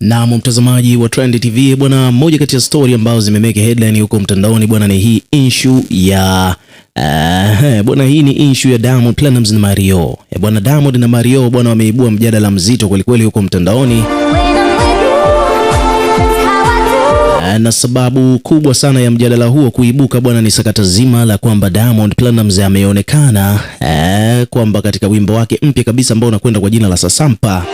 Na mtazamaji wa Trend TV bwana, moja kati ya story ambazo zimemeke headline huko mtandaoni bwana ni hii issue ya Uh, bwana hii ni issue ya Diamond Platinumz na Mario. Eh, bwana Diamond na Mario bwana wameibua mjadala mzito kwelikweli huko mtandaoni na sababu kubwa sana ya mjadala huo kuibuka bwana ni sakata zima la kwamba Diamond Platinumz ameonekana eh, kwamba katika wimbo wake mpya kabisa ambao unakwenda kwa jina la Sasampa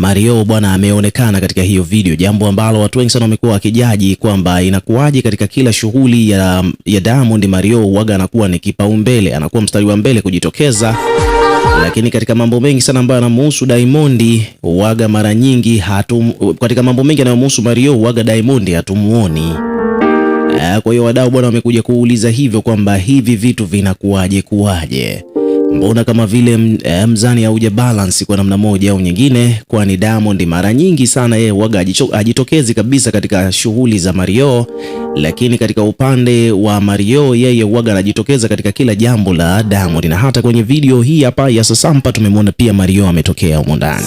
Mario bwana ameonekana katika hiyo video, jambo ambalo watu wengi sana wamekuwa wakijaji kwamba inakuwaje katika kila shughuli ya, ya Diamond Mario huaga anakuwa ni kipaumbele, anakuwa mstari wa mbele kujitokeza lakini katika mambo mengi sana ambayo anamhusu Diamond huaga mara nyingi hatu, katika mambo mengi yanayomhusu Mario huaga Diamond hatumuoni. Eh, kwa hiyo wadau bwana wamekuja kuuliza hivyo kwamba hivi vitu vinakuwaje kuwaje? Mbona kama vile mm, eh, mzani auja balance kwa namna moja au nyingine, kwani Diamond mara nyingi sana yeye huaga ajitokezi kabisa katika shughuli za Mario, lakini katika upande wa Mario yeye huaga anajitokeza katika kila jambo la Diamond, na hata kwenye video hii hapa ya Sasampa tumemwona pia Mario ametokea humo ndani.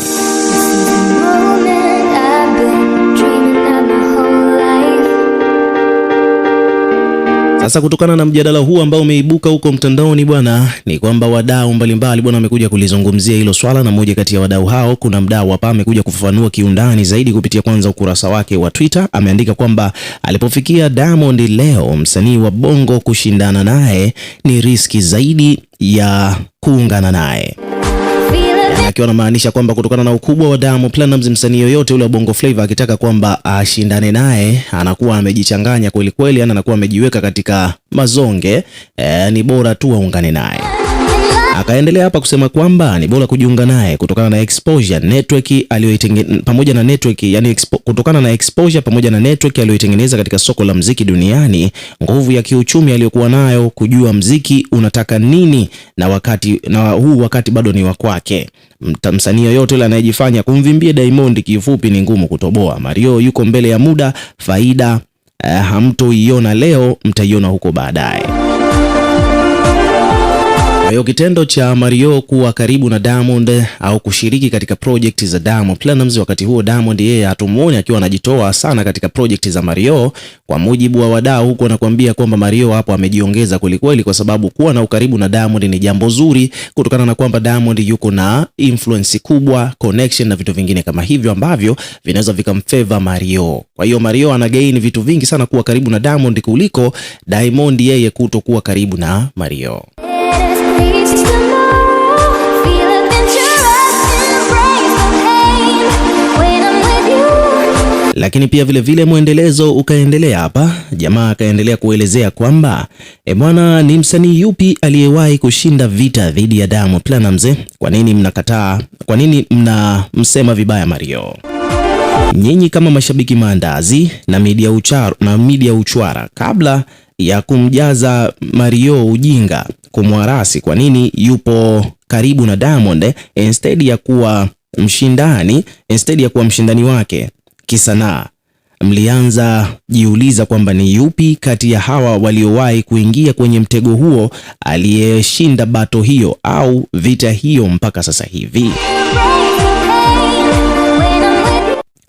Sasa kutokana na mjadala huu ambao umeibuka huko mtandaoni bwana, ni kwamba wadau mbalimbali bwana wamekuja kulizungumzia hilo swala, na moja kati ya wadau hao, kuna mdau hapa amekuja kufafanua kiundani zaidi kupitia kwanza ukurasa wake wa Twitter. Ameandika kwamba alipofikia Diamond leo, msanii wa Bongo kushindana naye ni riski zaidi ya kuungana naye akiwa anamaanisha kwamba kutokana na ukubwa wa Diamond Platnumz, msanii yoyote ule wa Bongo Flava akitaka kwamba ashindane naye anakuwa amejichanganya kweli kweli, yani anakuwa amejiweka katika mazonge e, ni bora tu aungane naye. Akaendelea hapa kusema kwamba ni bora kujiunga naye kutokana na exposure network aliyoitengeneza pamoja na network, yani expo, kutokana na exposure pamoja na network aliyoitengeneza katika soko la mziki duniani, nguvu ya kiuchumi aliyokuwa nayo, kujua mziki unataka nini na wakati na huu wakati bado ni wa kwake. Msanii yoyote ile anayejifanya kumvimbia Diamond kifupi ni ngumu kutoboa. Mario yuko mbele ya muda, faida eh, hamtoiona leo, mtaiona huko baadaye hiyo kitendo cha Mario kuwa karibu na Diamond au kushiriki katika project za Diamond Platinumz, wakati huo Diamond yeye hatumuoni akiwa anajitoa sana katika project za Mario. Kwa mujibu wa wadau huko, anakuambia kwamba Mario hapo amejiongeza kwelikweli, kwa sababu kuwa na ukaribu na Diamond ni jambo zuri, kutokana na kwamba Diamond yuko na influence kubwa, connection na vitu vingine kama hivyo ambavyo vinaweza vikamfavor Mario. Kwa hiyo Mario ana gain vitu vingi sana kuwa karibu na Diamond kuliko Diamond yeye kutokuwa karibu na Mario. Lakini pia vilevile vile mwendelezo ukaendelea hapa, jamaa akaendelea kuelezea kwamba e, bwana ni msanii yupi aliyewahi kushinda vita dhidi ya Diamond Platnumz? Kwa nini mnakataa? Kwa nini mnamsema vibaya Mario? Nyinyi kama mashabiki maandazi na media uchara, na media uchwara, kabla ya kumjaza Mario ujinga kumwarasi kwa nini yupo karibu na Diamond eh, instead ya kuwa mshindani instead ya kuwa mshindani wake kisanaa, mlianza jiuliza kwamba ni yupi kati ya hawa waliowahi kuingia kwenye mtego huo aliyeshinda bato hiyo au vita hiyo mpaka sasa hivi?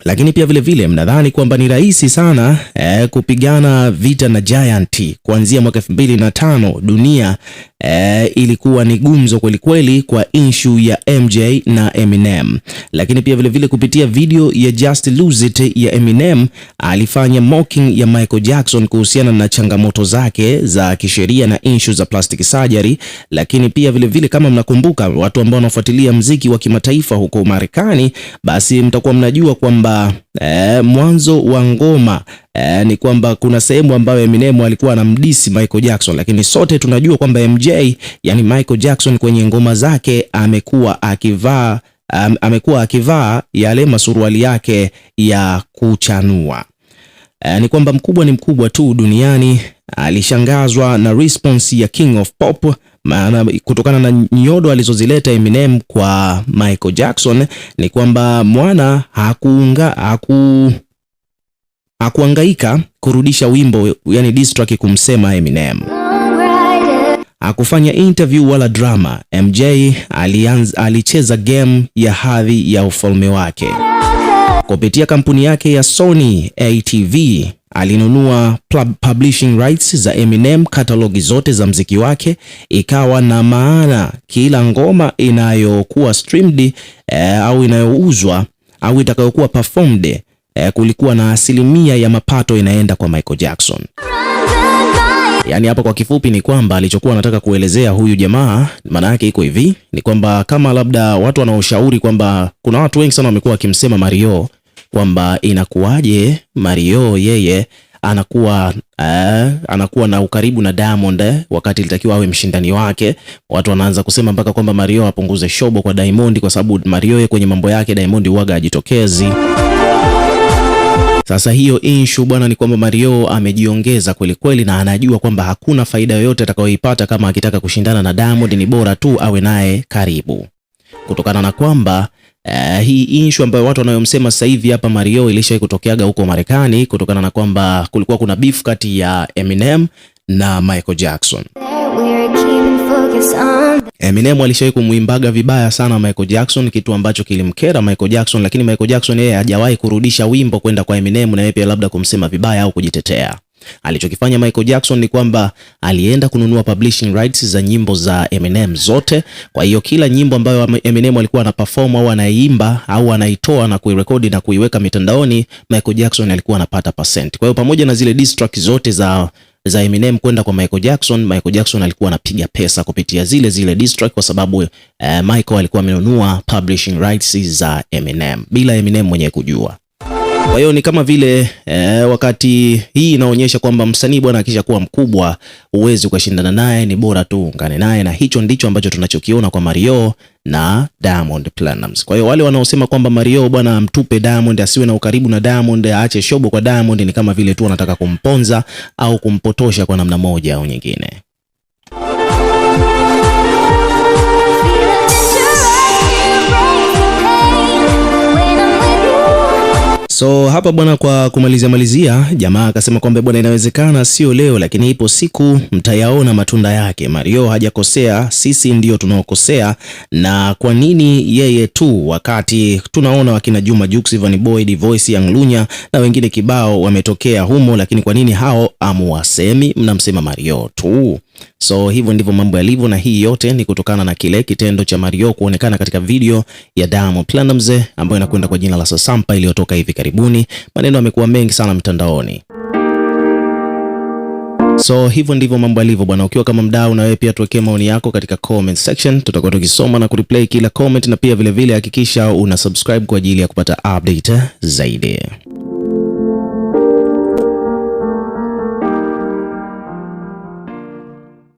Lakini pia vile vile mnadhani kwamba ni rahisi sana eh, kupigana vita na Giant kuanzia mwaka 2005 dunia e, ilikuwa ni gumzo kwelikweli kwa inshu ya MJ na Eminem, lakini pia vilevile vile kupitia video ya Just Lose It ya Eminem alifanya mocking ya Michael Jackson kuhusiana na changamoto zake za kisheria na inshu za plastic surgery. Lakini pia vilevile vile kama mnakumbuka, watu ambao wanafuatilia mziki wa kimataifa huko Marekani, basi mtakuwa mnajua kwamba eh, mwanzo wa ngoma eh, ni kwamba kuna sehemu ambayo Eminem alikuwa anamdisi Michael Jackson, lakini sote tunajua kwamba MJ yani Michael Jackson kwenye ngoma zake amekuwa akivaa um, amekuwa akivaa yale masuruali yake ya kuchanua. Eh, ni kwamba mkubwa ni mkubwa tu duniani. Alishangazwa na response ya King of Pop maana kutokana na nyodo alizozileta Eminem kwa Michael Jackson, ni kwamba mwana hakuunga haku akuangaika kurudisha wimbo, yani diss track kumsema Eminem. Hakufanya interview wala drama. MJ alianza, alicheza game ya hadhi ya ufalme wake kupitia kampuni yake ya Sony ATV alinunua publishing rights za Eminem, katalogi zote za mziki wake. Ikawa na maana kila ngoma inayokuwa streamed eh, au inayouzwa au itakayokuwa performed eh, kulikuwa na asilimia ya mapato inaenda kwa Michael Jackson. Yaani hapa kwa kifupi ni kwamba alichokuwa anataka kuelezea huyu jamaa, maana yake iko hivi, ni kwamba kama labda watu wanaoshauri kwamba kuna watu wengi sana wamekuwa wakimsema Mario kwamba inakuwaje Mario yeye anakuwa eh, anakuwa na ukaribu na Diamond eh, wakati ilitakiwa awe mshindani wake. Watu wanaanza kusema mpaka kwamba Mario apunguze shobo kwa Diamond, kwa sababu Mario ye kwenye mambo yake Diamond huaga ajitokezi. Sasa hiyo issue bwana ni kwamba Mario amejiongeza kwelikweli, na anajua kwamba hakuna faida yoyote atakayoipata kama akitaka kushindana na Diamond, ni bora tu awe naye karibu, kutokana na kwamba Uh, hii inshu ambayo watu wanayomsema sasa hivi hapa Mario ilishawahi kutokeaga huko Marekani, kutokana na kwamba kulikuwa kuna beef kati ya Eminem na Michael Jackson. Eminem alishawahi kumwimbaga vibaya sana Michael Jackson, kitu ambacho kilimkera Michael Jackson, lakini Michael Jackson yeye hajawahi kurudisha wimbo kwenda kwa Eminem na yeye pia labda kumsema vibaya au kujitetea. Alichokifanya Michael Jackson ni kwamba alienda kununua publishing rights za nyimbo za Eminem zote. Kwa hiyo kila nyimbo ambayo Eminem alikuwa anaperform au anaimba au anaitoa na kuirekodi na kuiweka mitandaoni, Michael Jackson alikuwa anapata percent. Kwa hiyo pamoja na zile diss track zote za za Eminem kwenda kwa Michael Jackson. Michael Jackson alikuwa anapiga pesa kupitia zile zile diss track kwa sababu uh, Michael alikuwa amenunua publishing rights za Eminem bila Eminem mwenyewe kujua. Kwa hiyo ni kama vile e, wakati hii inaonyesha kwamba msanii bwana akisha kuwa mkubwa huwezi ukashindana naye, ni bora tu ungane naye, na hicho ndicho ambacho tunachokiona kwa Mario na Diamond Platnumz. Kwa hiyo wale wanaosema kwamba Mario bwana amtupe Diamond, asiwe na ukaribu na Diamond, aache shobo kwa Diamond, ni kama vile tu wanataka kumponza au kumpotosha kwa namna moja au nyingine. So hapa bwana, kwa kumalizia malizia, jamaa akasema kwamba bwana, inawezekana sio leo, lakini ipo siku mtayaona matunda yake. Mario hajakosea, sisi ndio tunaokosea. Na kwa nini yeye tu, wakati tunaona wakina Juma Jux, Van Boy, Voice, Young Lunya na wengine kibao wametokea humo, lakini kwa nini hao amuwasemi? Mnamsema Mario tu. So hivyo ndivyo mambo yalivyo, na hii yote ni kutokana na kile kitendo cha Mario kuonekana katika video ya Diamond Platnumz ambayo inakwenda kwa jina la Sasampa iliyotoka hivi karibuni. Maneno yamekuwa mengi sana mtandaoni. So hivyo ndivyo mambo yalivyo bwana. Ukiwa kama mdau, na wewe pia tuwekee maoni yako katika comment section, tutakuwa tukisoma na kureplay kila comment, na pia vilevile hakikisha vile una subscribe kwa ajili ya kupata update zaidi.